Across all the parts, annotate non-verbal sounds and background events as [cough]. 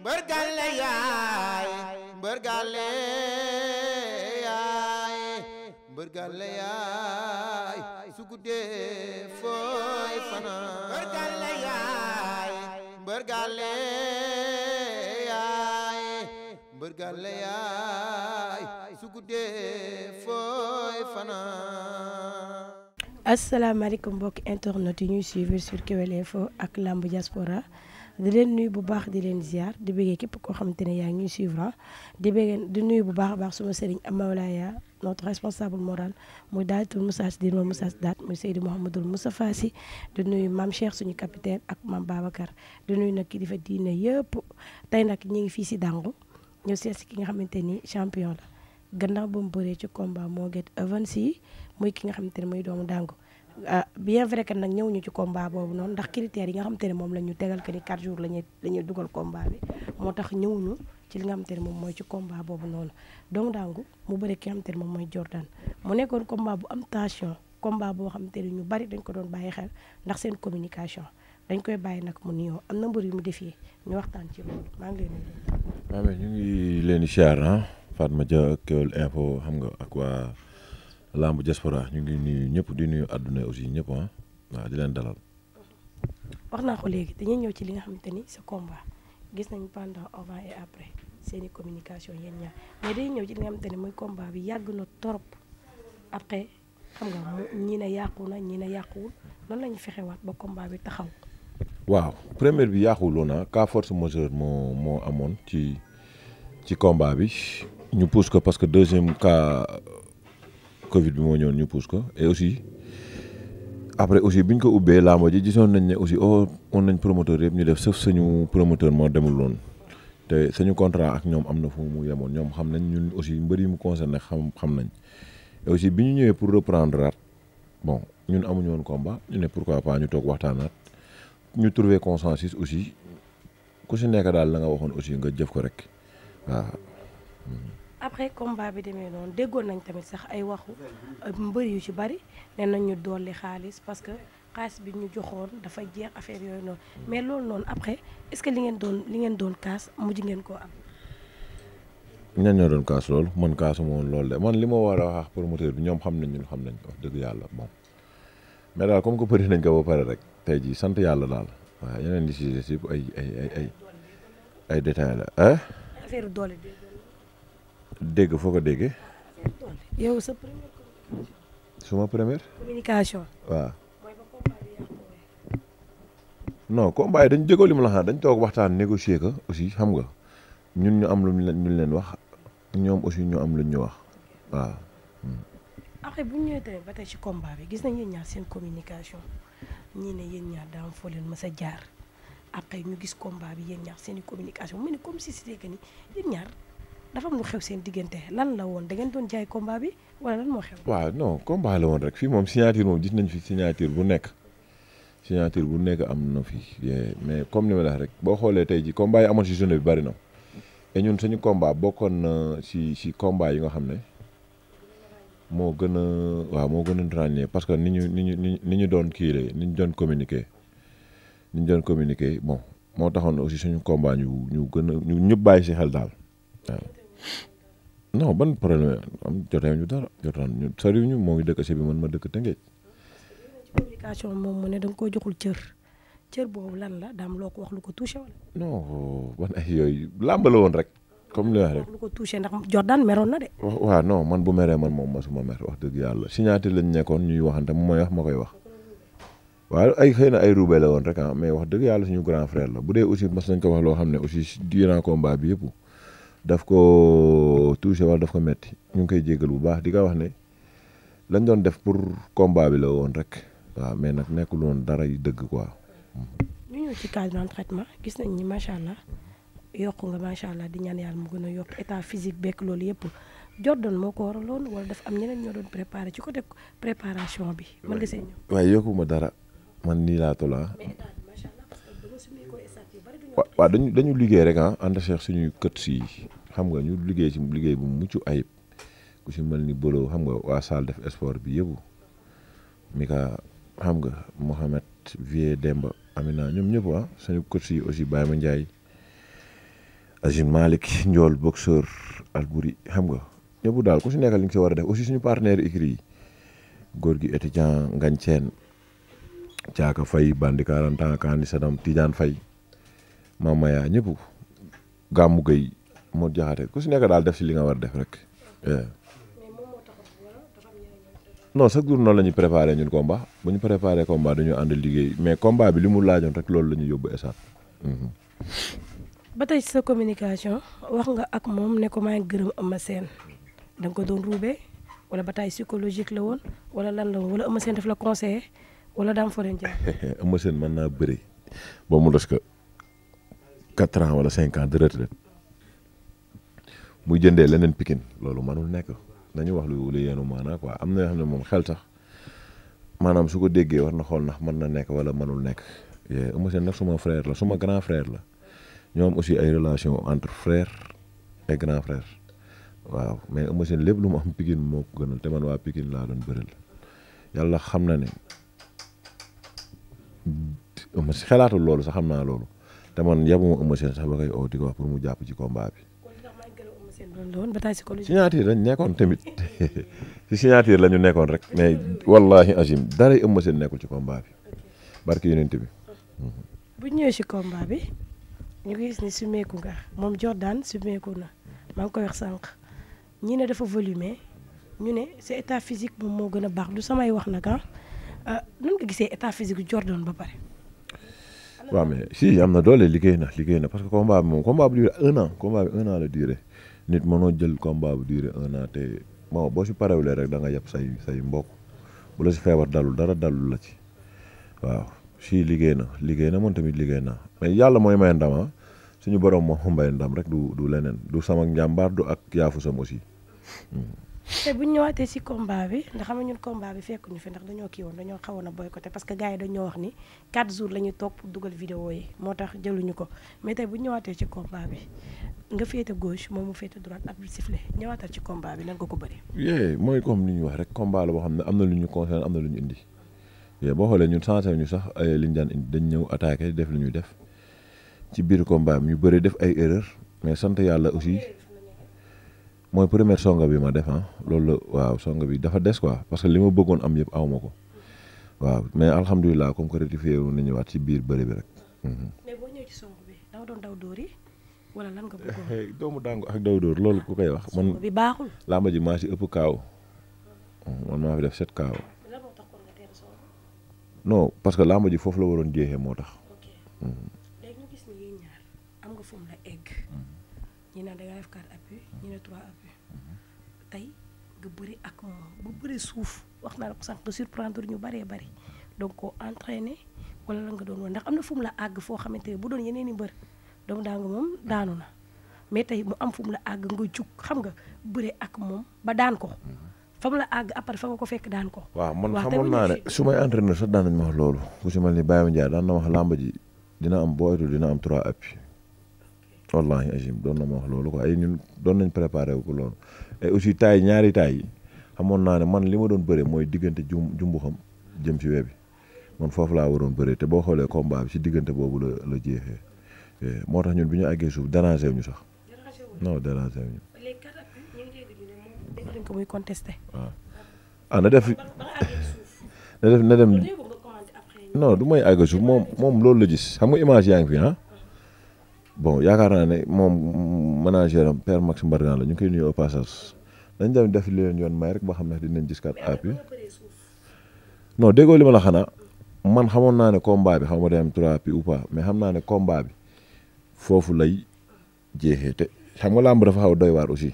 mbër gàlle yaay mbër gàlle yaay mbër fooy fanaan mbër gàlle internet yi ñuy suivre sur Kewel Info ak Lamb Diaspora di leen nuyu bu baax di leen ziar di bëggee képp koo xamante ne yaa ngi ñuy suivre di bëggee di nuyu bu baax a baax suma sëriñ Amaolaya notre responsable moral muy daatul Moussa Sy di nuyu Moussa Sy daat muy Seydou Mouhamadul Moustapha Sy di nuyu mam Cheikh suñu capitaine ak maam Babacar di nuyu nag kilifa diine yëpp tey nag ñu ngi fii si Dangu ñu seet ki nga xamante ni champion la gannaaw ba mu bëree ci combat moo get Evans yi muy ki nga xamante ne muy doomu Dangu. Ah, bien vrai que nag ñëwuñu ci combat boobu noonu ndax critères yi nga xam te ne moom la ñu tegal que ni 4 jours la ñuy la ñuy dugal combat bi moo tax ñëwuñu ci li nga xam te ne moom mooy ci combat boobu noonu Doomu Dangu mu bëri ki nga xam te moom mooy Jordan mu nekkoon combat bu am tension combat boo xam te ne ñu bari dañ ko doon bàyyi xel ndax seen communication dañ koy bàyyi nag mu nuyoo am na mbër yu mu defee ñu waxtaan ci loolu maa ngi leen di. waaw ñu ngi leen di siyaar ah, Fatma Dia Kewel Lamb Diaspora ñu ngi nuyu ñëpp di nuyu àdduna aussi ñëpp ah di leen dalal. Uh-huh. wax naa ko léegi dañuy ñëw ci li nga xamante ni sa combat gis nañu pendant avant et après seeni communication yéen ñaar mais dañuy ñëw ci li nga xamante ni muy combat bi yàgg na trop après xam nga ñii ne yàqu na ñii ne yàquwul noonu la fexe fexewaat ba combat bi taxaw. waaw première bi yàquwuloon ah cas force majeure moo moo amoon ci ci combat bi ñu pousse ko parce que deuxième cas Covid bi moo ñëwoon ñu pousse ko et aussi après aussi bi ñu ko ubbee làmb ji gisoon nañ ne aussi oh on nañ promoteur yëpp ñu def sauf suñu promoteur moo demul woon te suñu contrat ak ñoom am na fu mu yemoon ñoom xam nañ ñun aussi mbëri mu concerné xam xam nañ aussi bi ñu ñëwee pour reprendre at bon ñun amuñu woon combat ñu ne pourquoi pas ñu toog waxtaanaat ñu trouver consensus aussi ku si nekk daal la nga waxoon aussi nga jëf ko rek waaw. Hmm. après combat bi demee noonu déggoon nañ tamit sax ay waxu mbër yu ci bari nee nañ ñu dolli xaalis parce que xaalis bi ñu joxoon dafa jeex affaire yooyu noonu mais loolu noonu après est-ce que li ngeen doon li ngeen doon kaas mu ngeen ko am. ñan ñoo doon kaas loolu man kaasuma woon loolu de man li ma war a wax promoteur bi ñoom xam nañ ñun xam nañ wax dëgg yàlla bon mais daal comme que përi nañ ko ba pare rek tey jii sant yàlla daal waaw yeneen li si des ay ay ay ay la. affaire dégg foo ko déggee. yow sa première communication. suma première. yi dañ déggoo li ma la xam dañ toog waxtaan négocier ko aussi xam nga ñun ñu am lu ñu leen wax ñoom aussi ñu am lu ñu wax waaw. Hmm. après bu ñu ñëwee tamit ba tey ci combat bi gis nañ yéen ñaar seen communication ñii ne yéen ñaar daam foo leen mës a jaar après ñu gis combat bi yéen ñaar seen communication mu ne comme si si que ni yéen ñaar. dafa am lu xew seen diggante lan la woon da ngeen doon jaay combat bi wala lan moo xew. waaw non combat la woon rek fii moom signature moom gis nañ fi signature bu nekk signature bu nekk am na fi mais comme ni rek boo xoolee tey jii combat yi amoon si bari na et ñun suñu combat bokkoon na si si combat yi xam ne moo gën waaw moo gën a ràññee parce que ni ñu ni ni ñu doon kii la ni ñu doon communiquer ni ñu doon communiquer bon moo taxoon aussi suñu combat ñu ñu gën ñu ñëpp bàyyi si xel daal non ban problème am jotee ñu dara jotaan ñu sariw ñu moo ngi si bi man ma dëkk Tëngéej. communication moom mu ne da nga koo joxul cër cër boobu lan la daam loo ko wax lu ko touché wala. non ban ay woon rek. comme ko touché ndax Jordan meroon na de. waa no man bu meree man moom masuma mer wax dëgg yàlla signature lañ nekkoon ñuy waxante mu may wax ma koy wax. waaw ay na ay roubé la ah, wax dëgg yàlla suñu grand frère la bu dee aussi mas nañ ko wax loo xam ne aussi durant combat bi yëpp. daf ko touché wala daf ko metti ñu ngi koy jéggal bu baax di ko wax ne lañ doon def pour combat bi woon rek waaw mais nag nekkul woon dara yu dëgg quoi. ñu ñëw ci cadre d'entraînement gis nañ ni macha allah yokku nga macha allah di ñaan yàlla mu gën a yokk état physique beeg loolu yëpp jot Jordan moo ko waraloon wala dafa am ñeneen ñoo doon préparé ci côté préparation bi. mën nga waaye yokku ma dara man nii laa toll ah. dañu dañu liggéey rek ah ànd cherche xam nga ñu liggéey ci liggéey bu mucc ayib ku ci mel bi yëpp xam nga Mohamed Vieux Demba Amina ñoom ñëpp ah suñu coach yi aussi Baye Ma Ndiaye Agine Malick Ndiol boxeur Albouri xam nga ñëpp daal ku ci nekkal li si ci war a def aussi suñu partenaire écrit yi góor gi étudiant Ngañ Ceen Caaka Fay bandi 40 ans Kani Sadam Tidiane Fay Mamaya ñëpp gàmmu gay moo jaxate ku si nekk daal def si li nga war def rek. non chaque jour noonu la ñu préparé ñun combat bu ñu préparé combat dañu ànd liggéey mais combat bi li mu laajoon rek loolu la ñu yóbbu esaat. Mm-hmm. ba tey sa communication wax nga ak moom ne maa ngi gërëm Eumeu Sène da ko doon ruubee wala bataille psychologique la woon wala lan la woon wala Eumeu Sène daf la conseillé wala daam foo leen jël. [laughs] Eumeu Sène mën naa bëri ba mu des que quatre ans wala cinq ans de muy jëndee leneen pikin loolu manul nekk nañu wax lu lu yéenu maanaa am na yoo xam ne moom xel sax maanaam su ko déggee war na xool ndax man na nekk wala manul nekk Eumeu seen nag suma frère la suma grand frère la ñoom aussi ay relation entre frère et grand frère waaw mais Eumeu Sène lépp lu mu am pikin moo gënal te man waa pikin laa doon bëril yàlla xam na ne xalaatul loolu sax xam naa loolu te man yabuma Eumeu Sène sax ba koy oo pour mu jàpp ci combat bi signature lañ nekkoon tamit [laughs] si la ñu nekkoon rek mais wallahi agim dara ëmma seen nekkul ci combat bi barki yonent bi bu ñëwee si combat bi ñu gis ni sumeeku nga moom Jordan sumeeku maa ngi koy wax sànq ñi ne dafa volumé ñu ne sa état physique moom moo gën a baax du samay wax nag ah. ah nan nga gisee état physique Jordan ba pare. waaw mais si am na doole liggéey na liggéey na parce que combat bi moom combat bi duré un an combat bi un la duré. nit mënoo jël combat bu duré un an te boo si parewulee rek danga nga say say mbokk bu la si feebar dalul dara dalul la ci waaw si liggéey na liggéey na man tamit liggéey na mais yàlla mooy may ndam ah. suñu borom moo may ndam rek du du leneen du sama njàmbaar du ak yaafusam aussi. Hmm. te bu ñëwaatee si combat bi ndax xam ñun combat bi fekkuñu fi ndax dañoo kii woon dañoo xawoon a boycotté parce que gars yi dañoo wax ni 4 jours la ñuy toog pour dugal vidéo yi moo tax jëluñu ko mais tey bu ñëwaatee ci combat bi nga féete gauche moom mu féete droite ab sifflet ñëwaatal ci combat bi nan nga ko bëri. yee mooy comme ni ñu wax rek combat la boo xam ne am na lu ñu concerne am na lu ñu indi yee boo xoolee ñun changé ñu sax li ñu daan indi dañ ñëw attaqué def lu ñuy def ci biir combat ñu bëri def ay erreur mais sant yàlla aussi. mooy première songa bi ma def ah loolu la waaw songa bi dafa des quoi parce que li ma bëggoon am yëpp awma ko waaw mais alhamdulilah comme que rectifié wu ñu waat ci biir bëri bi rek. Mhm. mais boo ñëwee ci song bi da nga doon [laughs] doomu dàngu ak daw loolu ku koy wax. man bi baaxul. làmba ji maa si ëpp kaaw man maa fi def set kaaw. lan parce que làmba ji foofu la waroon jeexee moo tax. ok mhm. ñu ne 3 tey nga bëri ak moom bu bëri suuf wax naa la ko sànq nga surprendre ñu baree bari donc koo entraîné wala la nga doon woon ndax am na fu mu la àgg foo xamante ne bu doon yeneen i mbër doomu daa nga na mais tey mu am fu mu la àgg nga jug xam nga bëri ak moom ba daan ko. Mm-hmm. fa mu la àgg après fa nga ko fekk daan ko. waaw man xamoon naa ne su may entraîneur sax daan nañ ma wax loolu ku si mel ni Baye Mandiaye daan na wax làmb ji dina am booytu dina am 3 appuis wallahi agim doon na ma wax loolu ko ay ñun doon nañ préparé wu ko loolu et aussi taay ñaari taay yi xamoon naa ne man li ma doon bëre mooy diggante jum jumbu xam jëm si web bi man foofu laa waroon bëre te boo xoolee combat bi si diggante boobu la la jeexee moo tax ñun bi ñu àggee suuf dérangé wu ñu sax non dérangé wu ñu ah na def na def na dem non du may àgg suuf moom moom loolu la gis xam nga image yaa ngi fi ah bon yaakaar naa ne moom manager am père Max Mbargane la ñu koy nuyu au passage dañ dem def li leen yoon may rek boo xam ne dinañ gis kat appui non déggoo li ma xanaa man xamoon naa ne combat bi xaw ma day am trois appui ou mais xam naa ne combat bi foofu lay jeexee te xam nga làmb dafa xaw doy waar aussi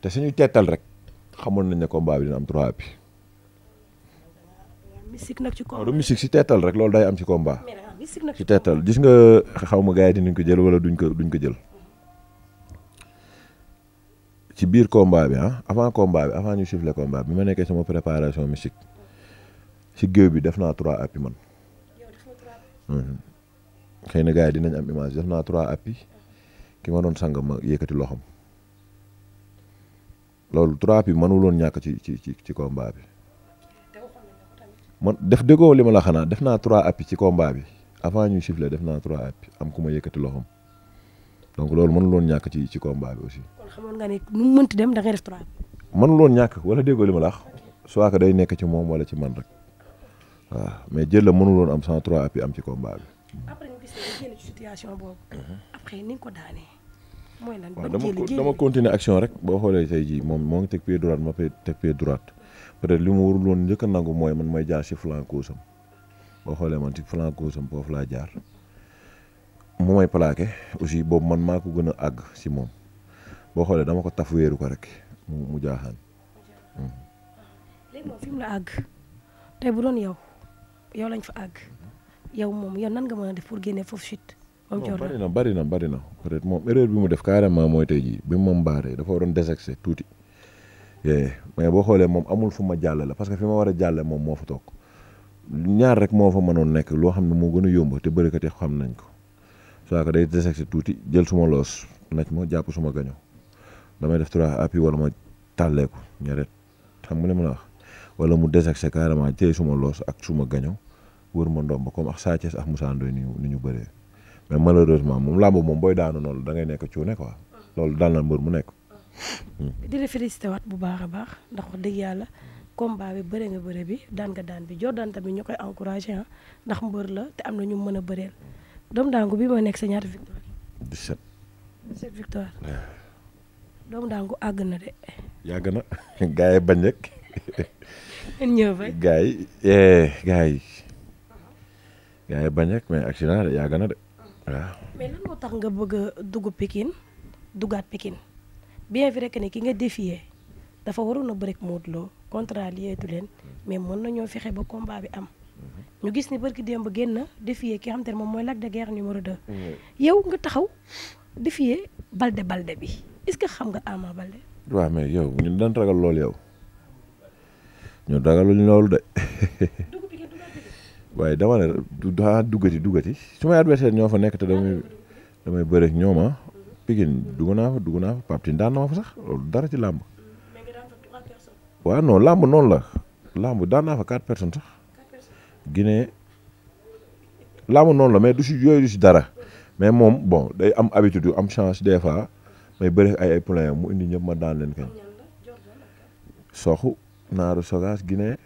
te suñu teetal rek xamoon nañ ne combat bi dina am trois appui. waaw du mystique si teetal rek loolu day am ci combat. ci teetal gis nga xaw ma gars yi dinañ ko jël wala duñ ko duñ ko jël ci biir combat bi ah avant combat bi avant ñu siffler combat bi ma nekkee sama préparation musique ci géew bi def naa trois appuis man mm-hmm. xëy na gars yi dinañ am image def naa trois appuis ki ma doon sang ma yëkkati loxam loolu trois appuis mënuloon ñàkk ci ci ci ci combat bi man def déggoo li ma la xanaa def naa trois appuis ci combat bi. avant ñu siffler def naa trois appuis am ku ma yëkkati loxoom donc loolu mënuloon ñàkk ci ci combat bi aussi. xamoon nga ni nu mu dem da ngay def ñàkk wala déggoo li ma la soo soit que day nekk ci moom wala ci man rek waaw mais jël la mënuloon am sans trois appuis am ci combat bi. après ñu gis ne ci situation boobu. Mhm. après ni nga ko daanee. mooy lan ban dama dama continuer action rek boo xoolee tey jii moom moo ngi teg pied droite ma teg pied droite peut être li mu warul woon njëkk nangu mooy man may jaar si flanc am. boo xoolee man ci flanc gauche am foofu laa jaar mu may plaqué aussi boobu man maa ko gën a àgg si moom boo xoolee dama ko taf wéeru ko rek mu jaaxaan. léegi moom fi àgg tey bu yow yow lañ fa àgg yow moom yow nan nga a def pour génne foofu chute. moom bari na bari na bari na peut être moom erreur bi mu def carrément mooy tey jii bi moom mbaaree dafa waroon désaxé tuuti eh, mais boo xoolee moom amul fu ma jàllale parce que fi ma war a jàllale moom moo fa toog. ñaar rek moo fa mënoon nekk loo xam ne moo gën a yomb te bërikat yi xam nañ ko soit que day deseg si tuuti jël suma loos naj ma jàpp suma gaño damay def trois appui wala ma tàlleeku ñaret xam nga ne mën a wax wala mu deseg si carrément téye suma loos ak suma gaño wër ma ndomba comme ak Sa Thiès ak Moussa Ndoye ni ñu bëree mais malheureusement moom làmb moom booy daanu noonu da ngay nekk cuune quoi loolu daal na mbër mu nekk. di la félicité waat bu a baax ndax wax dëgg combat bi bëre nga bëre bi daan nga daan bi Jordan tamit ñu koy encouragé ah ndax mbër la te am na ñu mën a bëreel doomu daangu bi mooy nekk sa ñaata victoire. 17. àgg na de. yàgg na [laughs] gars yi bañ mais accident tax nga bëgg dugub pikin Pikine duggaat bien vrai que ne ki nga défier dafa waroon a bëre ak contrat liyeetu leen mm-hmm. mais mën na nañoo fexe ba combat bi am. Mm-hmm. ñu gis ni barki démb génn défier ki nga xam te ne moom mooy Lac de yow nga taxaw défier Balde Balde bi est-ce que xam nga Ama Balde. waaw mais yow ñun dañ ragal loolu yow ñun ragaluñ loolu de [laughs] waaye dama ne daa duggati duggati su may adversaire ñoo fa nekk te damay damay bëre ak ñoom ah Pikine dugg naa fa dugg naa fa Pape Tine daan fa sax loolu dara ci làmb. waa non làmb noonu la làmb daan naa fa quatre personnes sax Guinée làmb noonu la mais du si yooyu du si dara mais moom bon day am habitude yu am chance des fois may bëri ay ay poulain mu indi ñëpp ma daan leen kañ soxu naaru sogaas Guinée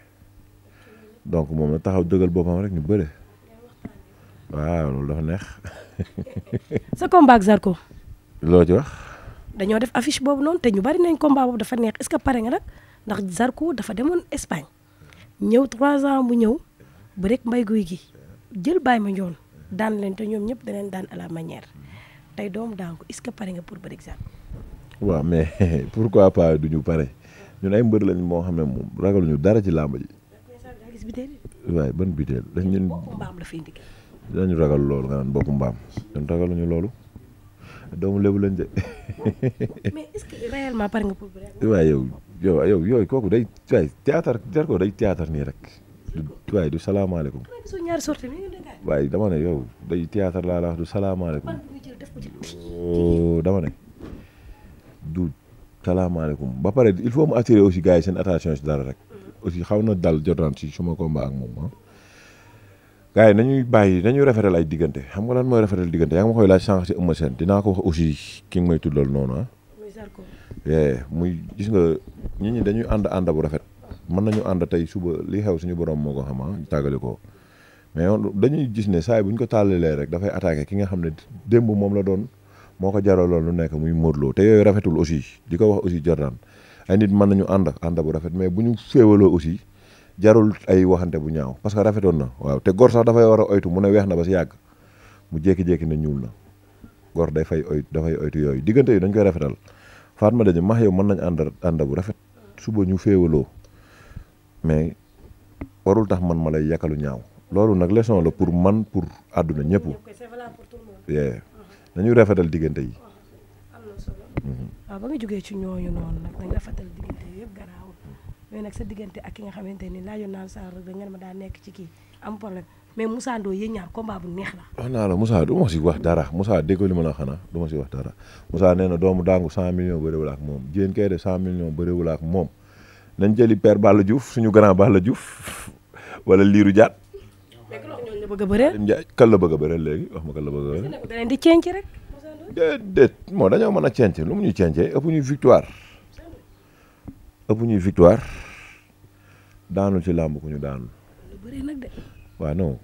donc moom na taxaw dëggal boppam rek ñu bëre waaw loolu dafa neex. sa combat ak Zarko. loo ci wax. dañoo def affiche boobu noonu te ñu bari nañ combat boobu dafa neex est-ce que pare nga nag. ndax Zarko dafa demoon Espagne ñëw trois ans bu ñëw ba rek mbay guy gi jël bàyyi ma ñoon daan leen te ñoom ñëpp daneen daan à la manière tey doom daan ko est-ce que pare nga pour bëri Zarko waaw mais [laughs] pourquoi du ñu pare ñun ay mbër lañ moo xam ne moom ragaluñu dara ci làmb ji waaye ban biteel dañ ñun dañu ragal loolu nga naan boppu mbaam ñun ragaluñu loolu doomu lébu lañ [laughs] waaye yow yow yow yooyu kooku day waay théâtre jar ko day théâtre nii rek. du waay du waaye dama ne yow day théâtre laa la wax du salaamaaleykum. Oh, dama ne du salaamaaleykum ba pare il faut mu attirer aussi gars yi seen attention si dara rek. Mm-hmm. aussi xaw na dal jotaan si suma combat ak moom ah. gars yi nañuy bàyyi nañu rafetal ay diggante xam nga lan mooy rafetal diggante yaa ngi ma koy laaj sànq si Eumeu Sène dinaa ko wax aussi ki nga may tuddal noonu ah. muy eh, gis nga nit ñi dañuy ànd ànd bu rafet mën nañu ànd tey suba li xew suñu borom moo ko xam ah tàggale ko mais dañuy gis ne saa bu ñu ko tàllalee rek dafay attaqué ki nga xam ne démb moom la doon moo ko jaraloon lu nekk muy Modou te yooyu rafetul aussi di ko wax aussi Jordan ay nit mën nañu ànd ànd bu rafet mais bu ñu féewaloo aussi jarul ay waxante bu ñaaw parce que rafetoon na waaw te góor sax dafay war a oytu mu ne weex na ba si yàgg mu jékki-jékki ne ñuul na góor day fay oytu dafay oytu yooyu diggante yi dañ koy rafetal Fatma dañu max yow mën nañ ànd ànd bu rafet suba ñu féewaloo mais warul tax man ma lay yàkkalu ñaaw loolu nag leçon la pour man pour àdduna ñëpp yee nañu rafetal diggante yi waaw mm-hmm. ah, ba nga ci ñooñu mais nag sa diggante ak nga xamante ni laajoon naa sa rek da ngeen ma daa nekk ci kii am problème mais Moussa Ndoye yéen ñaar combat bu neex la. wax naa la Moussa du ma si wax dara Moussa déggoo li ma la xanaa du ma si wax dara Moussa nee na doomu daangu 100 millions bëriwul ak moom jéen kay de 100 millions bëriwul ak moom nañ jëli père Balla Diouf suñu grand Balla Diouf [laughs] wala Liiru Diat. mais ku la bëgg a bëreel. kan la bëgg a léegi wax ma kan la bëgg a di cenc rek. déedéet moo dañoo mën a cenc lu mu ñu cencee ëpp ñu victoire ëpp ñuy victoire daanu ci làmb ku ñu daanu. waaw non.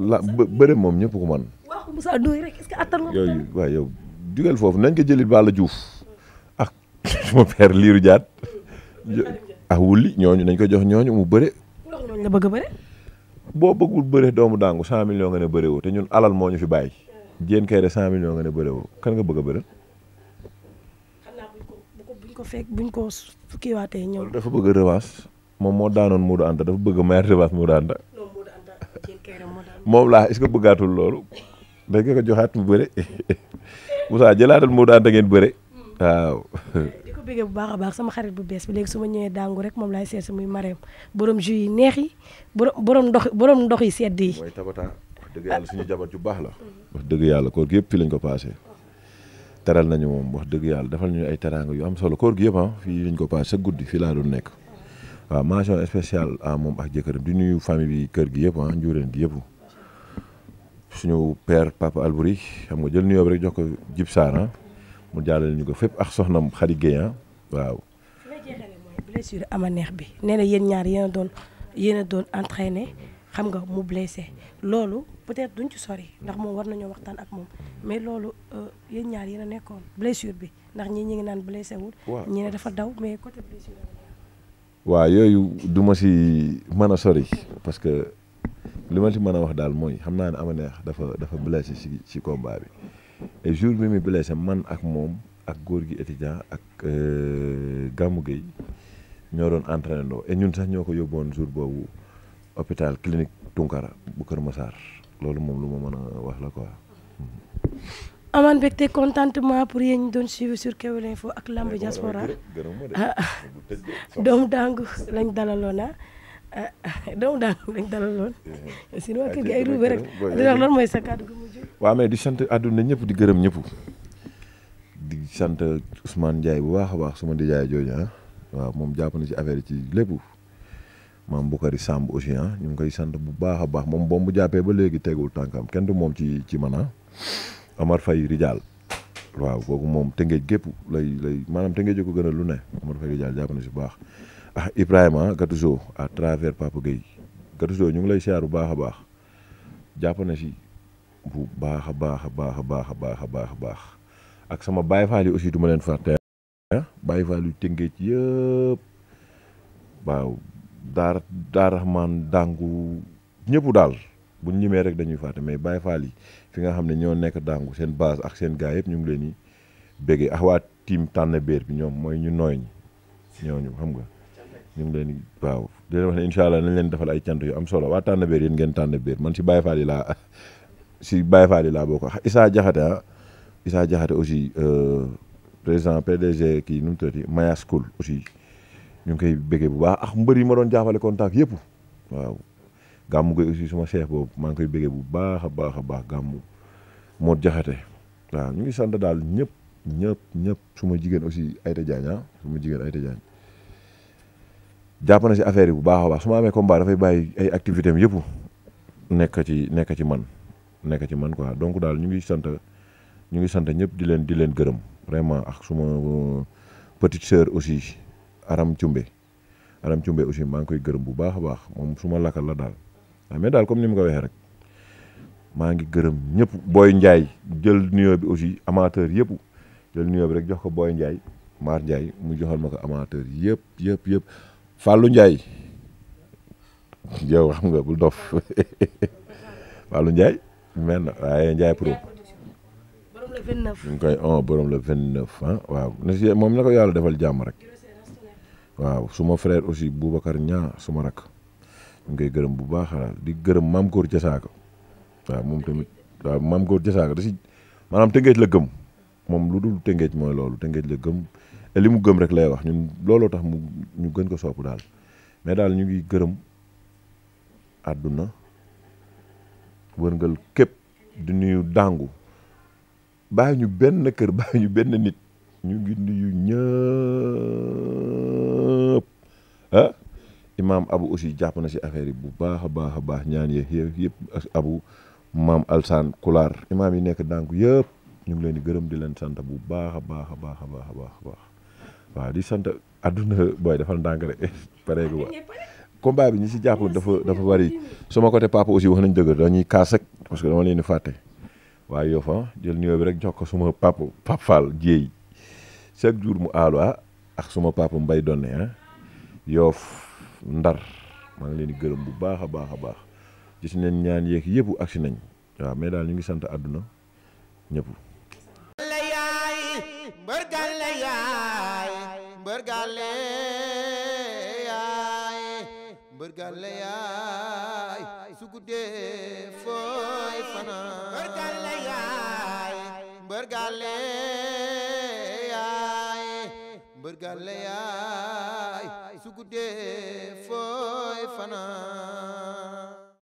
la bëre moom ñëpp ku man waaw que yooyu waaw yow jugal foofu nañ ko jëli Balla juuf ak suma père Lirou Diane ah wulli ñooñu nañ ko jox ñooñu mu bëre. ñooñu la bëgg a boo bëggul bëre doomu daangu cent millions nga ne bëre woo te ñun alal moo ñu fi bàyyi. jéen kay de cent millions nga ne bëre woo kan nga bëgg bëre. buñ ko bu buñ ko fukki waatee ñëw. dafa bëgg revanche moom moo daanoon Modou Anta dafa bëgg maire revanche Modou Anta. moom laa est-ce bëggaatul loolu. dañ ko joxaat mu bëre [laughs] saa jëlaatal Modou Anta ngeen bëre waaw. di ko bu baax a baax sama xarit bu bees bi léegi su ma ñëwee dàngu rek moom laay seet si muy mareem borom jus yi neex yi borom ndox borom ndox yi sedd yi. mooy dëgg yàlla suñu jabar ju baax la. yàlla koor gi lañ ko teral nañu moom wax dëgg yàlla defal ñu ay teraanga yu am solo koor gi yëpp ah fii lañ ko paase sa guddi fii laa doon nekk waaw mention spéciale ah moom ak jëkkëram di nuyu famille bi kër gi yëpp ah njuureen gi yëpp suñu père papa Albouri xam nga jël nuyoo rek jox ko Jib Sarr ah. mu jàllale ñu ko fépp ak soxnam Khady Guèye ah, waaw. ama neex bi nee na ñaar yéen a doon yéen a doon entraîné xam nga mu blessé loolu peut-être duñ ci sori ndax moom war nañoo waxtaan ak moom mais loolu euh, yéen ñaar yéen a nekkoon blessure bi ndax ñi ñi ngi naan blessé wul. waaw ñi ne dafa daw mais côté blessure yooyu du ma si mën a sori parce que li ma si mën a wax daal mooy xam naa ne ama neex dafa dafa blessé si si combat bi et jour bi muy blessé man ak moom ak góor gi étudiant ak euh, Gamou Gueye ñoo doon entraîné et ñun sax ñoo ko yóbboon jour boobu. hôpital clinique Tunkara bu Kër Massar loolu moom lu ma mën a wax la quoi. amaan mbégte contentement pour yéen ñi doon suivre sur Kewel Info ak Lamb Diaspora ah, [laughs] ah, doomu dàngu lañ dalaloon ah, ah [laughs] doomu dàngu lañ dalaloon. si waa kër gi ay ruube rek di wax lan mooy sa kàddu gu mujj. waaw mais di sant àdduna ñëpp di gërëm ñëpp. di sant Ousmane Ndiaye bu baax a baax suma di jaay jooju ah waaw moom jàpp na ci affaire yi ci lépp. maam Bukari Samb aussi ah ñu ngi koy sant bu baax a baax moom boobu mu jàppee ba léegi tegul tànkam kenn du moom ci ci man ah Amar Faye Rijaal waaw kooku moom tëngeej gépp lay lay maanaam tëngeej ko gën a lu ne Amar Faye Rijaal jàpp na si bu baax ah Ibrahima Gattuso à travers Papa Gueye Gattuso ñu ngi lay siyaar bu baax a baax jàpp na si bu baax a baax baax a baax a baax a baax a baax ak sama baay Fall yi aussi du ma leen fàtte ah Baye Fall yu tëngeej yëpp waaw. daar daara raxmaan dàngu ñëpp daal bu ñu ñimee rek dañuy fàtte mais Baye Fall yi fi nga xam ne ñoo nekk dàngu seen baas ak seen gars yëpp ñu ngi leen di béggee ak waa tiim tànn béer bi ñoom mooy ñu nooy ñi ñu xam nga ñu ngi leen di waaw di leen wax ne incha allah nañ leen defal ay cant yu am solo waa tànn béer yéen ngeen tànn béer man si Baye Fall yi laa [laughs] si Baye Fall yi laa bokk Issa Diakhaté ah Issa Diakhaté aussi euh, président PDG kii nu mu tuddati Maya School ñu ngi koy béggee bu baax ak mbër yi ma doon jàppale contact yëpp waaw gàmmu koy aussi suma chef boobu maa ngi bu baax a baax a baax gàmmu moo jaxate waaw ñu ngi sant daal ñëpp ñëpp ñëpp suma jigéen aussi Ayta Diagne ah suma jigéen Ayta Diagne jàpp si affaire yi bu baax a baax su amee combat dafay bàyyi ay activité am yëpp nekk ci nekk ci man nekk ci man quoi donc daal ñu ngi sant ñu ngi sant ñëpp di leen di leen gërëm vraiment ak suma euh, petite sœur aussi Aram Cumbe Aram Cumbe aussi maa ngi koy gërëm bu baax a baax moom su ma lakkal la daal waaw ah, mais daal comme ni mu ko waxee rek maa ngi gërëm ñépp booy njaay jël nuyoo bi aussi amateur yëpp jël nuyoo bi rek jox ko booy njaay Mar Ndiaye mu joxal ma ko amateur yëpp yëpp yëpp Fallou Ndiaye xam nga bul dof [laughs] Fallou Ndiaye men waaye Ndiaye pro ñu ngi koy on oh, borom le 29 ah, waaw moom na ko yàlla defal jàmm rek waaw suma frère aussi Boubacar ñaa suma rak ñu ngi koy gërëm bu baax di gërëm maam góor jasaaka waaw moom tamit waaw maam góor jasaaka da si maanaam tëngeej la gëm moom lu dul tëngeej mooy loolu tëngeej la gëm te li mu gëm rek lay wax ñu looloo tax mu ñu gën ko sopp daal mais daal ñu ngi gërëm àdduna wërngal képp di nuyu dàngu bàyyi ñu benn kër [laughs] bàyyi ñu benn nit ñu ngi nuyu ñëpp ah imaam abu aussi jàpp na si affaire yi bu baax a baax a baax ñaan yeeg yëpp ak abu maam alsaan kulaar imaam yi nekk dànk yëpp ñu ngi leen di gërëm di leen sant bu baax a baax a baax a baax a baax waaw di sant àdduna booy dafa ndànk rek [laughs] pareegu ba combat bi ñi si jàpp dafa dafa bari sama côté papa aussi wax nañ dëgg dañuy kaas rek parce que dama leen di fàtte waaye yow fa jël nuyoo bi rek jox ko suma papa Pape Fall Dieye chaque jour mu aalu ah ak suma papa mbay Donné ah. yoof ndar maa leen gërëm bu baax a baax a baax gis neen ñaan yeeg yëpp agsi nañ waaw mais daal ñu ngi sant àdduna ñëpp la yaay mbërgal yaay mbërgal la yaay yaay guddee fooy fanaan